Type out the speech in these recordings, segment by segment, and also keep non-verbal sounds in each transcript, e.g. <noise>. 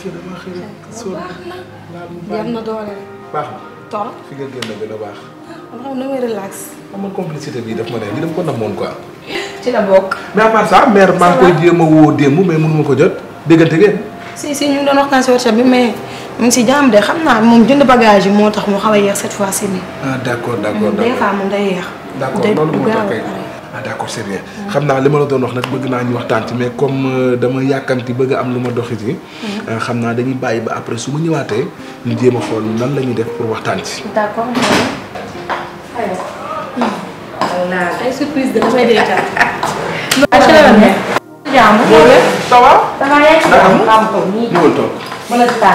fii dama xëy sóor baax na doole baax na torop fi nga génn gën a baax man ah, na may relax man complicité bii daf ma ne li dama ko namoon quoi ci la bokk mais à part ça mère maa koy jéem a woo démb mais mënuma ko jot déggante ngeen si si ñu ngi doon waxtaan si WhatsApp bi mais mu ngi si jàmm de xam naa moom jënd bagage yi moo tax mu xaw a yeex cette fois ci nii ah d'accord d'accord d'accord des fois moom day yeex d'accord loolu moo tax kay ah d' accord c' xam naa li ma la doon wax nag bëgg naa ñu waxtaan ci mais comme euh, dama yàkkamti bëgg am lu ma doxi ci mhm. euh, xam naa dañuy bàyyi ba après su ma ñëwaatee ñu jéem a xool nan la ñuy def pour waxtaan ci. d'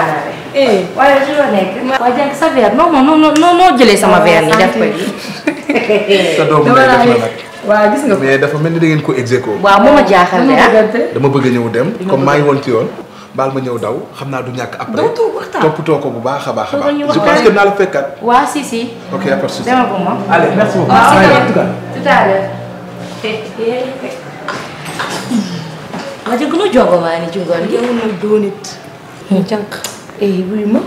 <laughs> ah, eh. jëlee sama oh, verre nii def ko. sa doom lay def la waaw gis nga mais dafa mel ni da ngeen ko exéco. waaw moo ma ah. jaaxal de dama bëgg ñëw dem comme maa ngi woon ci yoon. baal ma ñëw daw xam naa du ñàkk après toppatoo ko bu baax a baax a baax. je pense que naa la fekkaat. waaw si si. ok après si dama ko moom. allez merci beaucoup. tout jànq. eh wuyu ma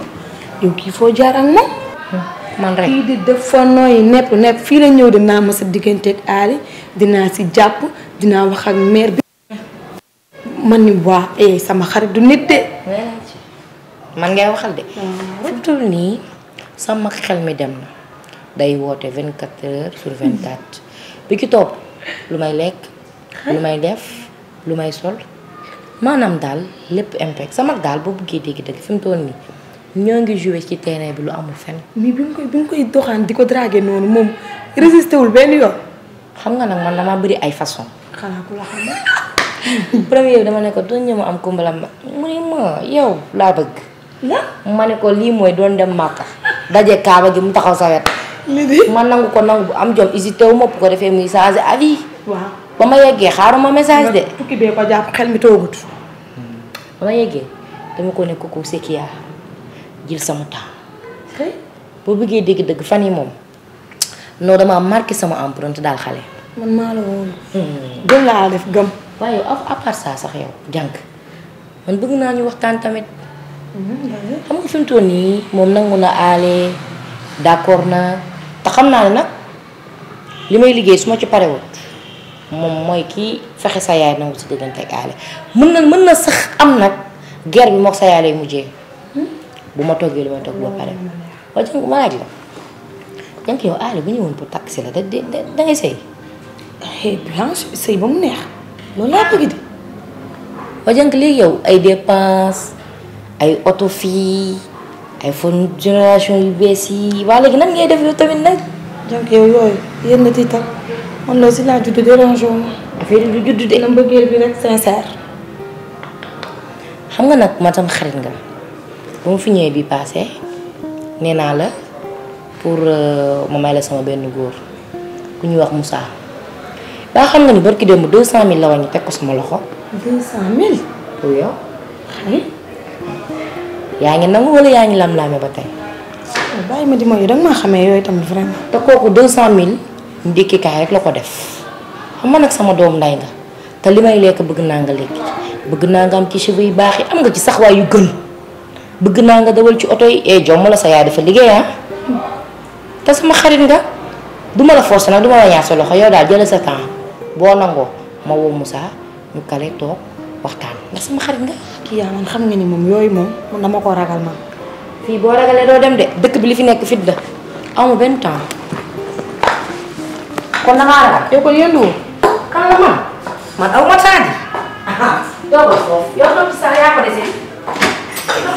yow kii foo jaaral na. man rek di def fa nooyi nepp nepp fii la ñëw dinaa ma sa digganteeg aali dinaa si jàpp dinaa wax ak maire bi. man ni waa eh sama xarit du nit man ngay waxal de. surtout nii sama xel mi dem na day woote 24 heures sur 24 bi ki topp lu may lekk lu may def lu sol maanaam daal lépp impact sama dal boo buggee dégg-dégg fi mu toll ñoo ngi joué ci terrain bi lu amul fen mais bi mu koy bi koy doxaan di ko dragué noonu moom résisté wul benn yoon. xam nga nag man damaa bëri ay façon. xanaa ku la premier bi dama nekk ko doon ñëw am kumbala ma mu ne ma yow laa bëgg. ma ne ko lii mooy doon dem Màkka. daje Kaaba gi mu taxaw sawet wet. man nangu ko nangu bu am jom hésité wu ma ko defee muy changé avis. waaw ba ma yeggee xaaruma message de. tukki bee ko jàpp xel mi toogut. ba ma yeggee dama ko nekk kooku Sekiya. jël sama temps boo bëggee dégg dëgg fan yi moom non dama am marqué sama empreinte daal xale. man maa la woon. Hmm. laa def gëm. waaye yow à sax yow jànk man bëgg naa ñu waxtaan tamit. Hmm, xam nga fi mu nii moom nangu na aale d'accord na te xam naa ne nag li may liggéey su ma ci parewut moom mooy kii fexe sa yaay nangu si diggante ak aale mën na mën na sax am nag guerre bi mook sa yaay lay mujjee. bu ma toggee lu ma togg ba pare waaye jàng ma laaj la jàng yow aale eh, ba mu neex loolu laa bëgg di waaye jàng léegi yow ay dépense ay oto fii ay fon génération yu bees yi waa léegi nan ngay def yow tamit nag jàng yow yooyu yéen na man loolu si laa juddu dérange ma affaire yi du juddu de na mbëggeel bi rek sincère xam nga nag ma tam xarit nga bu fi ñëwee bi passé nee naa la pour euh, ma may la sama benn góor ku ñuy wax Moussa ba xam nga ni barki démb 200000 la wàññi teg ko sama loxo. 200000. pour yow. xëy. yaa ngi nangu wala yaa ngi lam-laame ba tey. bàyyi ma di ma yow da nga maa xamee yooyu tamit vraiment. te kooku 200000 ndékkikaay rek la ko def xam nga nag sama doom nday nga te li may lekk bëgg naa nga lekk bëgg naa nga am ci cheveux yu baax yi am nga ci sax waay yu gën bëgg na nga dawal ci auto yi eh jom la sa yaa defa liggéey ah ta sama xarit nga duma la forcer nag duma la ñaar sa loxo yow daal jëlee sa temps boo nangoo ma woo Moussa ñu kale toog waxtaan ndax sama xarit nga. kii yaa man xam nga ni moom yooyu moom mun dama ko ragal man. fii boo ragalee doo dem de dëkk bi li fi nekk fit la amu benn temps kon na ngaa ragal yow kon yëndu kan la man man aw ma taadi. ah doo ko foofu yow xam sa yaa ko desee.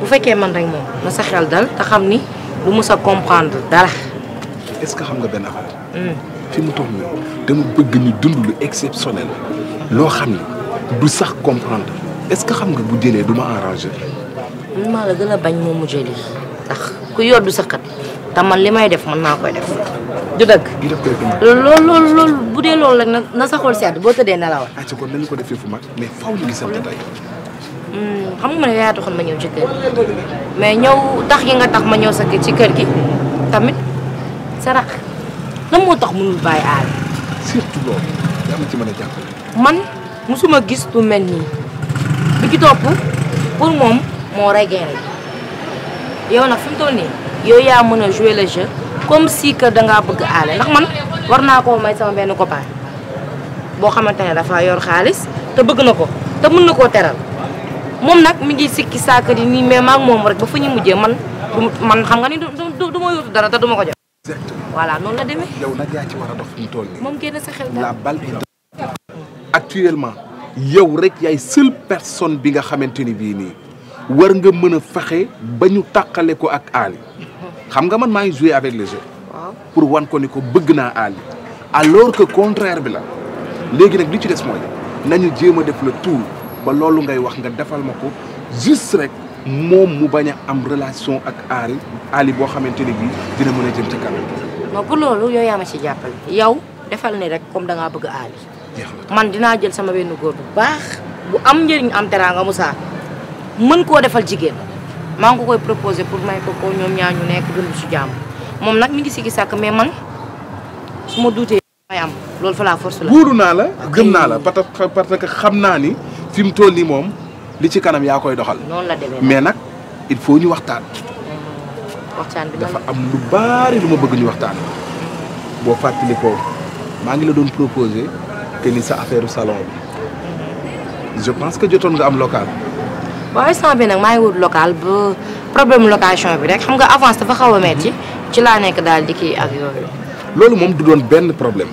bu fekkee man rek mom na sa xel dal ta xamni ni mu sa comprendre dara. est ce que xam nga ben affaire. Hmm. fi mu tok ni dama bëgg ni dund lu exceptionnel lo xamni du sax comprendre est ce que xam nga bu jëlee du ma arrangé. man maa la gën bañ mo mu jëli tax ku yoddu sa xat ta man limay def man na koy def. du dëgg loolu loolu loolu bu dee loolu na sa xol sedd boo la nelawal. ah ci kon dañ ko defee fu mak mais faaw ñu gisante tay Mm, xam nga man yaa taxoon ma ñëw ci kër mais ñëw tax yi nga tax ma ñëw sa ci kër gi tamit sarax rax lan moo tax mënul bàyyi aal surtout loolu yaa ma ci mën a man musuma gis lu mel nii bi ci topp pour moom moo regeen yow nag fi mu toll nii yow yaa mën a jouer le jeu comme si que da ngaa bëgg aale ndax man war naa koo may sama benn copain boo xamante ne dafa yor xaalis te bëgg na ko te mën na koo teral moom nag mi ngi sikki saaka di nii mais moom rek ba fu ñu mujjee man man xam nga ni du du ma yóotu dara te du ma ko jox. exactement voilà noonu la demee. yow nag yaa ci war a dox fi toll nii. actuellement yow rek yaay seule personne bi nga xamante ni bii nii war nga mën a faxe ba ñu tàqale ko ak Ali xam nga man maa ngi joué avec les jeux. pour wan ko ni ko bëgg naa Ali alors que contraire bi la léegi nag li ci des mooy nañu jéem a def le tout. ba loolu ngay wax nga defal ma ko juste rek moom mu bañ am relation ak Aali Aali boo xamante ni bii dina mën a jëm ca kanam. non bu loolu yow yaa ma ci jàppale. yow defal ni rek comme da bëgg Aali. man dinaa jël sama benn góor bu baax. bu am njëriñ am teraanga Moussa mën koo defal jigéen maa ngi ko koy proposé pour may ko ñaa ñu nekk dund su jàmm moom nag mi ngi si sigi sàkk mais man su ma duutee may am loolu fa la force la. wóoru naa la gëm naa la parce que que xam naa ni fi mu mom li ci kanam ya koy doxal. noonu la demee mais nak il faut ñu waxtaan. Mm. waxtaan bi dafa am lu bari lu ma bëgg ñu waxtaan. bo fàttali ko maa ngi la doon proposer que ni sa affaire salon bi mm-hmm. je pense que jotoon nga am local. waay sa bi nak maa ngi wut local ba problème location bi rek xam nga avance dafa xaw a metti mm-hmm. ci la nekk dal di ki ak yooyu. lolu mom du doon ben problème.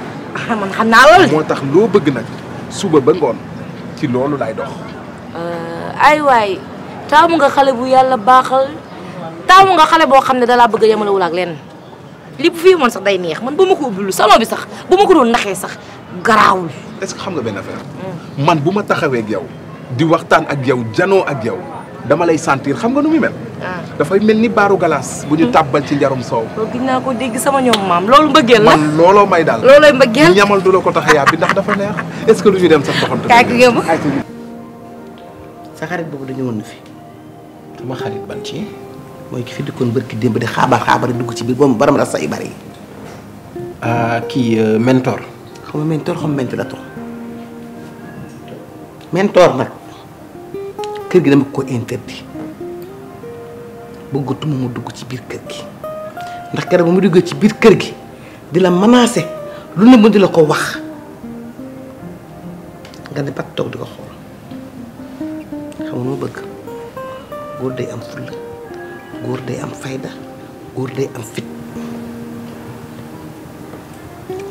ah man xam naa loolu. moo tax loo bëgg nag suba ba ngoon ci loolu laay dox. Euh, ay waay taamu nga xale bu yàlla baaxal taamu nga xale boo xam ne dalaa bëgg a yemalewul ak lenn li bu fii moon sax day neex man bu ma ko ubbilu salon bi sax bu ma ko doon naxee sax garaawul. est-ce que xam nga benn affaire. Hmm. man bu ma taxawee ak yow di waxtaan ak yow janoo ak yow. dama lay sentir xam nga nu muy mel. Ah. dafay mel ni baaru galaas. bu ñu hmm. tàbbal ci njarum soow. loolu gis sama ñoom maam loolu mbëggeel la man looloo may daal. loolooy mbëggeel ñamal du la ko tax a yàbbi ndax dafa neex est-ce que dem sax doxantu. kàgg ngeen ma sa xarit boobu dañu woon na fi. duma xarit ban ci mooy ki fi dikkoon bërki démb di xaabaar xaabaar dugg ci biir boobu baram la say bari. Ah, kii euh, mentor. xam nga mentor xam mentor la mentor nag. kër gi dama ko interdit bëggatuma mu dugg ci biir kër gi ndax kër ba mu duggee ci biir kër gi di la menacer lu ne mu di la ko wax nga ne bat toog di ko xool xam nga bëgg góor day am fulla góor day am fayda góor day am fit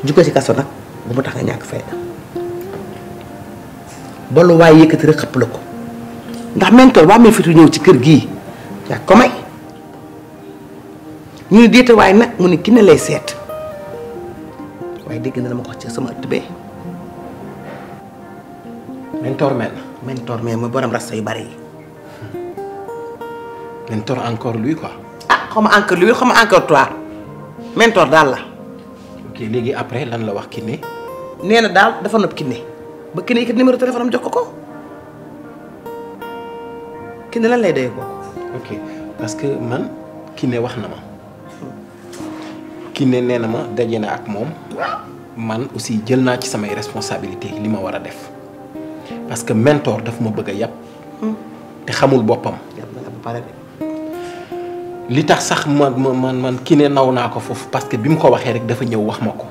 ju ko ci kaso nag bu mu tax nga ñàkk fayda bolu waaye yëkkati rek xëpp la ko ndax mentor boo amee fitu ñëw ci kër gii yaa ñu ne déete waaye nag mu lay seet waaye dégg na dama ko ci sama ëtt bee mentor mel mentor mel mooy borom rasta bari yi mentor encore lui ko ah xaw ma encore lui xaw ma encore toi mentor daal la ok léegi après lan la wax Kiné nee na daal dafa nopp Kiné ba Kiné yëkkat numéro téléphone am jox ko ko kiné lan lay doy ko. parce que man kiné wax na ma kiné nee na ma daje na ak moom man aussi jël naa ci samay responsabilité li ma war a def parce que mentor dafa ma bëgg a yàpp hmm. te xamul boppam. li tax sax man man man kiné naw naa ko foofu parce que bi mu ko waxee rek dafa ñëw wax ma ko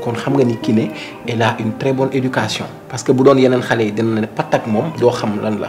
kon xam nga ni kiné elle a une très bonne éducation parce que bu doon yeneen xale yi dina ne patt ak moom doo xam lan la.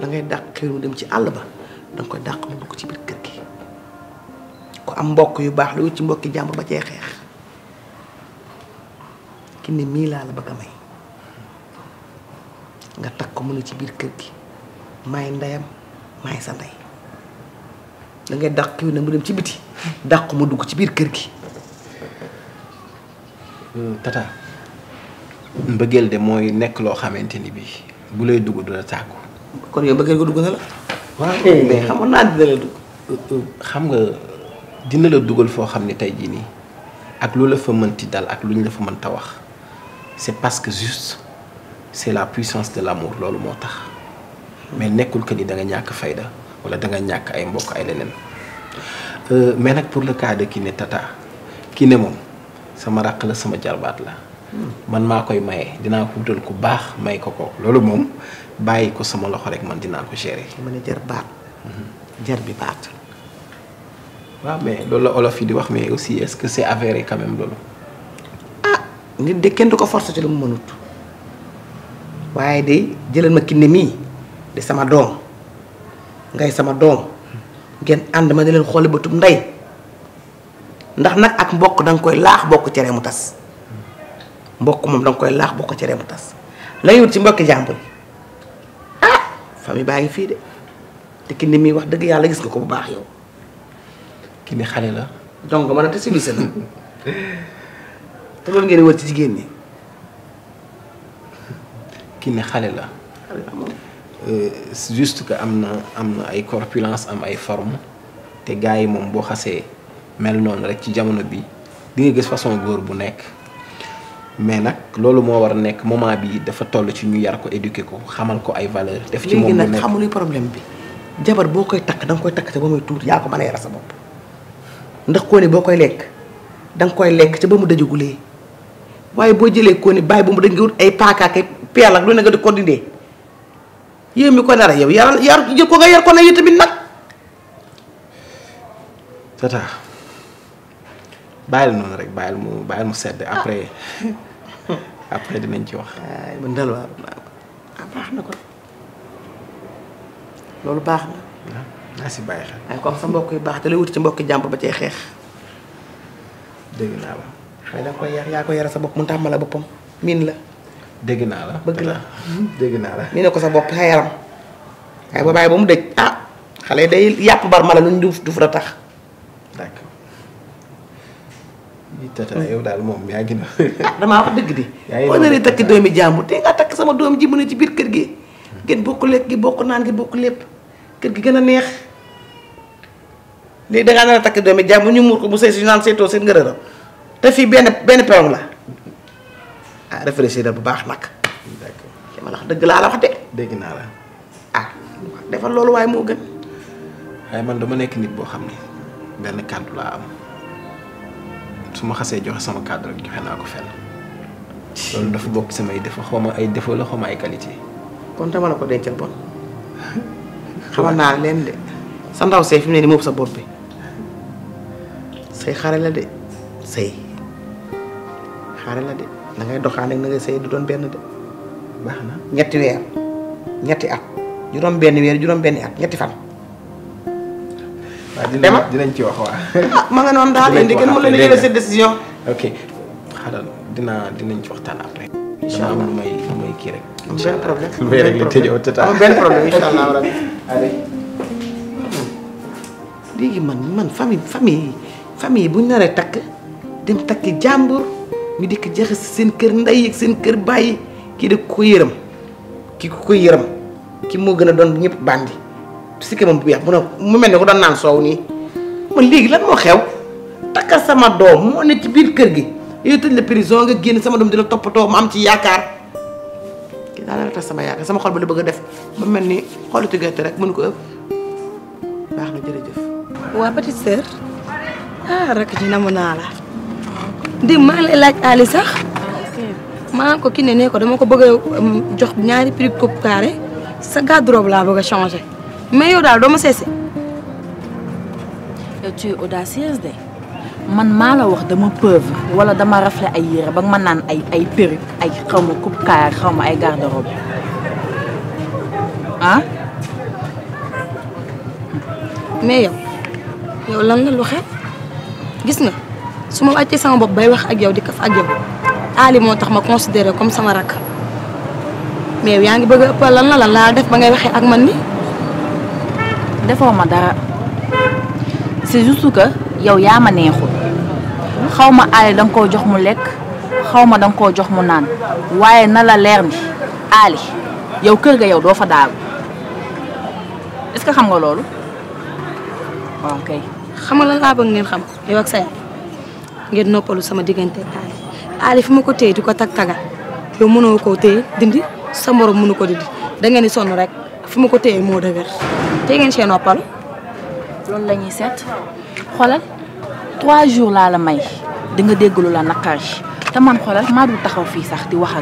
la ngay dàq xëy mu dem ci àll ba danga koy dàq mu dugg ci biir kër gi ku am mbokk yu baax lu wut ci mbokki jàmbur ba cee xeex ki ne mii laa la bëgg a may nga takk ko mu ne ci biir kër gi maay ndeyam maay sa ndey da ngay dàq xiw ne mu dem ci biti dàq mu dugg ci biir kër gi hmm, tata mbëggeel de mooy nekk loo xamante ni bi bu lay dugg du la tàggu kon yow bëggeel ko duggal la. waaw mais xam na dina la dugg. xam nga dina la duggal fo xamni tay ji ni ak lu la fa mënti dal ak lu la fa mënta wax c'est parce que juste c'est la puissance de l'amour lolu motax mais nekul ke ni da nga ñak fayda wala da nga ñak ay mbokk ay leneen euh, mais nak pour le cas de Kiné Tata Kiné mom sama rak la sama jarbat la hmm. man maa koy maye dina ko dul ku bax may ko ko loolu moom bàyyi mhm. ah, ko sama loxo rek man dina ko géré ma ne jar baat. jër bi baat. wa mais lolu olof di wax mais aussi est-ce que c'est avéré quand même lolu ah nit de kenn du ko forcer ci lu mënout mënut de jëlal ma kinné mi di sama dom ngay sama dom ngeen and ma ba ndax nak ak mbokk dang koy laax bokku ci mu tass mbokk mom dang koy laax bokku ci mu tass la ci mbokk famille baa ngi fii de te ki ni muy wax dëgg yàlla gis nga ko bu baax yow. ki ni xale la. donc man te civilisé na te loolu ci jigéen ñi. ki ni xale la. Euh, juste que am na am na ay corpulence am ay forme te gars yi moom boo xasee mel noonu rek ci jamono bi di gis façon góor bu nekk. mais nag loolu moo war a nekk moment bi dafa toll ci ñu yar ko éduquer ko xamal ko ay valeur def ci moom lu nekk léegi nag xamuluy problème bi jabar boo koy takk danga koy takk te ba muy tuuti yaa ko mën a yar sa bopp ndax koo boo koy lekk da nga koy lekk ca ba mu dajagulee waaye boo jëlee koo ne bàyyi ba mu daj nga ay paaka ak ay peel lu ne nga di ko dindee yow mi ko nara yow yar yar jël ko nga yar ko na yow tamit nag tata bàyyil noonu rek bàyyil mu bàyyil mu sedd ah. après après dinañ ci wax. waaw man daal baax na ko loolu baax na. Ah, naa si bàyyi xel. waaye ah, mbokk yu baax te lay ci mbokk jàmb ba cee xeex. dégg naa la. xëy na koy ko yara sa bopp mu tàmmal la boppam miin la. dëgg naa la bëgg la dégg naa la. miin ko sa bopp sa yaram waaye ba bàyyi ba mu dëj ah xale day yàpp bar mala luñ duuf duuf la tax. tata yow daal moom yaa nama apa wax dëgg di boo naree takk doomi jàmbur te nga sama doom ji mu ne ci biir kër gi ngeen bokk lekk gi bokk Nih gi bokk lépp kër gi gën a ya? neex léegi dangaa nar a takk doomi jàmbur ñu muur ko bu sëy si ñu naan seetoo seen ngërëram te fii la ah réfléchir bu baax nag d'accord li ma la wax dëgg laa la wax de la ah defal gën man dama nit am su ma xasee joxe sama cadre joxe naa ko fenn loolu dafa bokk samay défaut xaw ma ay défaut la ay qualité kon dama la ko dencal bon xamal naa leen de sa ndaw say fi ne ni moom sa bopp bi say xare la de say xare la de da ngay doxaan ak na nga say du doon benn de baax na ñetti weer ñetti at juróom benn weer juróom benn at ñetti fan dema dinañ ci wax waa ma nga noonu daal indi kenn mu leen jëlee décision ok xaaral dinaa dinañ ci waxtaan après incha may may kii rek benn problème lu rek li tëjoo tata problème rabbi allez man man bu dem takki jàmbur ñu dikk jaxas seen kër ndey ak seen kër bàyyi kii da ko ko ki ñëpp bandi sikkimam bu weex mu ne mu mel ne ko doon naan soow nii man léegi lan moo xew sama doom moo ne ci biir kër gi yooyu tëj la prison nga génn sama doom di la toppatoo mu am ci yaakaar kii daal la tax sama yaakaar sama xol ba la bëgg a def mu mel ni xoolitu gerte rek mënu ko ëpp baax na jërëjëf. waa petite sœur ah rakk di maa ngi lay laaj Ali sax maa ko kii ne ne ko dama ko bëgg a um, jox ñaari prix coupe carré sa garde-robe mais yow daal doo ma seese. yow de man maa la wax dama pauvre wala dama rafle ay yére ba ma naan ay ay perruque ay xaw ma coupe car xaw ma ay garde robe ah. mais yow yow lan la lu gis nga su ma wàccee sama bopp bay wax ak yow di kaf ak yow Ali moo tax ma considéré comme sama rakk mais yaa ngi bëgg a ëppal lan la la laa def ba ngay waxee ak man ni defoo ma dara c'est juste que yow yaa ma neexul xaw ma Ali da nga koo jox mu lekk xaw ma da koo jox mu naan waaye nala la leer ni Ali yow kër ga yow doo fa daagu est xam nga loolu waaw kay. xam nga lan laa ngeen xam yow ak say ngeen noppalu sama diggante Ali Ali fi ma ko téye di ko tag tagal yow mënoo koo téye dindi sa morom mënu ko dindi da ngeen di sonn rek. de ma côté est de chien? ngén noppal lool la sét xolal 3 trois jours à la may de nga la man xolal ma taxaw fi sax di wax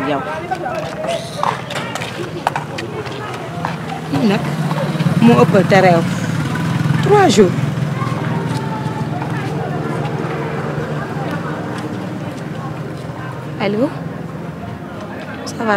ak trois jours. Allô? ça va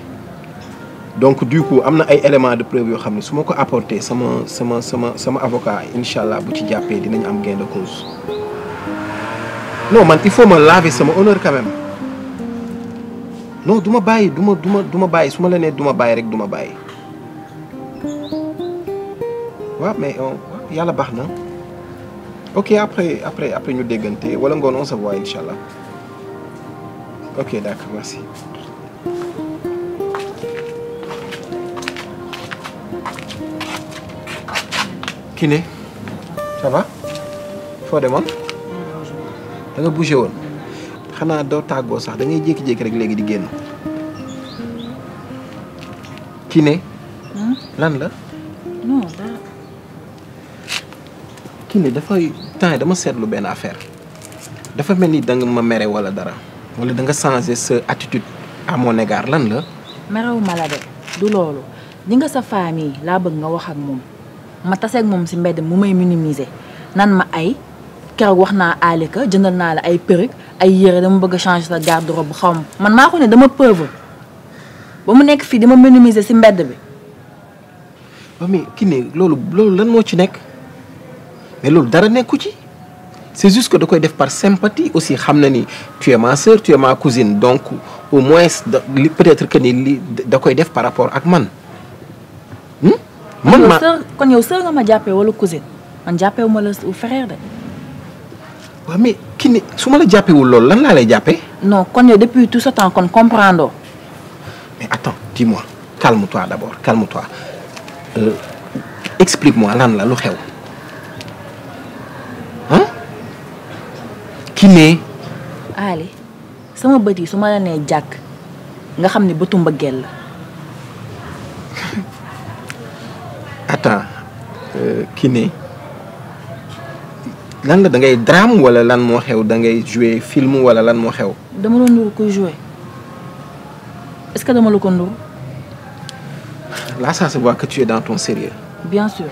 donc du coup amna ay éléments de preuve yo xamné ne su ko apporté sama sama sama sama avocat Inshallah, bu ci jappé dinañ am gain de cause non man il faut me laver sama honneur quand même non du ma duma du ma du ma du ma la né du ma rek du ma wa mais euh, yàlla yalla baxna ok après après après ñu déggante wala ngoon on se voit inshallah ok d'accord merci. kiné ça va foo demoon da nga bougé woon un doo tàggoo sax da ngay jékki-jékki rek léegi di génn kiné hmm? lan là? non dara kiné dafa temps dama à faire. Des fois, mais ni dans ma mère ou la dara wala le dans changer sa attitude à mon égard lan là? Mère ou malade? de Ni dans sa famille là, ben, on va ak moom ma taseeg moom si mbedd mu may minimiser nan ma ay keroog wax naa Alika jëndal naa la ay perruque ay yére dama bëgg a changer sa garde-robe xaw ma man maa ne dama pauvre ba mu nekk fii dama minimiser si mbedd bi. waaw mais Kiné loolu loolu lan moo ci nekk mais loolu dara nekku ci c'est juste que da koy def par sympathie aussi xam na ni tu es ma sœur tu ma cousine donc au moins da peut-être que ni li da koy def par rapport ak man. Hmm? man ma kon yow sœur nga ma jàppee wala cousine man jappé wu ma la frère de. waaw mais ki ni su ma jappé jàppewul loolu lan laa lay jàppee. non kon yow depuis tout ce temps kon comprendre. mais attends dis-moi calme-toi d'abord calme-toi euh, explique-moi lan la lu xew ah. ki ne. Allez, sama bët yi su ma la nee jàkk nga xam ne bëtu mbëggeel attends euh, kiné lan la da drame wala lan mo xew da jouer film wala lan un xew. dama est-ce que dama la ko là ça se voit que tu es dans ton sérieux. bien sûr.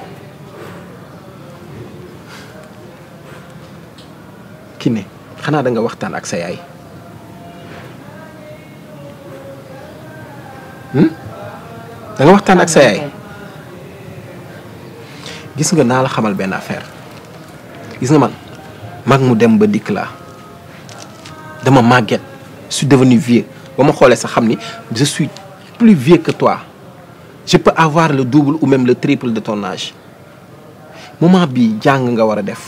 Kiné Tu da nga tu ak sa yaay. Hmm? da nga un ak sa gis nga naa la xamal benn affaire gis nga man mag mu dem ba dikk laa dama màgget je suis devenu vieux ba ma xoolee sax xam ni je suis plus vieux que toi je peux avoir le double ou même le triple de ton âge moment bi jàng nga war a def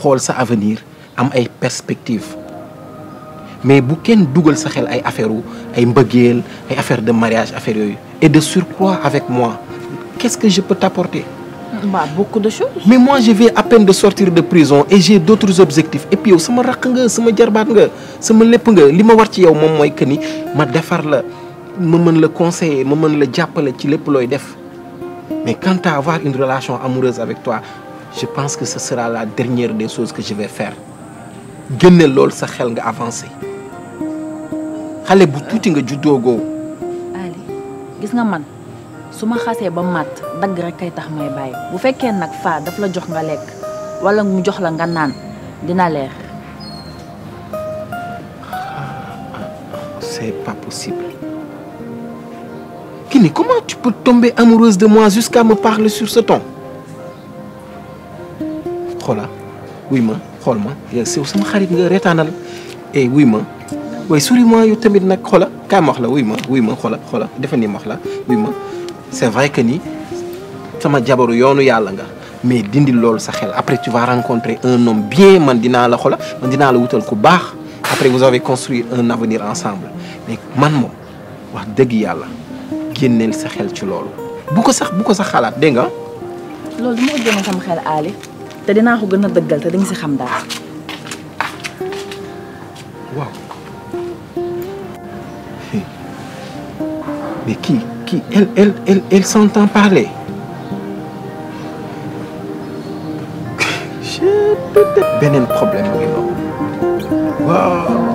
xool sa avenir am ay perspectives mais bu kenn dugal sa xel ay affaire ay mbëggeel ay affaire de mariage affaire yooyu et de surcroît avec moi qu'est-ce que je peux t'apporter bah, beaucoup de choses. Mais moi, je viens à peine de sortir de prison et j'ai d'autres objectifs. Et puis, je suis dit, nga sama jarbaat nga sama lépp nga li ma war ci yow moom c'est que ni ma defar la ma mën la conseiller ma mën la jàppale ci lépp looy def mais quant à avoir une relation amoureuse avec toi je pense que ce sera la dernière des choses que je vais faire génne loolu sa xel nga avancé xale bu tuuti nga juddoogoo. Ali gis nga man suma xasse ba mat dag rek kay tax may bàyyi bu fekkee nag faa daf la jox nga lek wala mu jox la nga nan dina leer. Ah, c'est pas possible. Kini, comment tu peux tomber amoureuse de moi jusqu'à me parler sur ce ton Xola, oui ma xool ma yow si sama xarit nga retanal et eh, oui ma waaye sori moi yo tamit nak xola kay ma wax la wuy ma oui ma xola xola defani ma wax la wuy ma c'est vrai que ni sama jabaru yoonu yàlla nga mais dindi loolu sa après tu vas rencontrer un homme bien man dina la xola man après vous avez construit un avenir ensemble mais man wa wax deug yalla génneel sa xel ci loolu bu ko sax bu ko sax xalat de nga vais sama xel Ali te dina ko tu deugal te mais qui elle, elle, elle, elle s'entend parler. <laughs> J'ai peut-être un problème. Wow.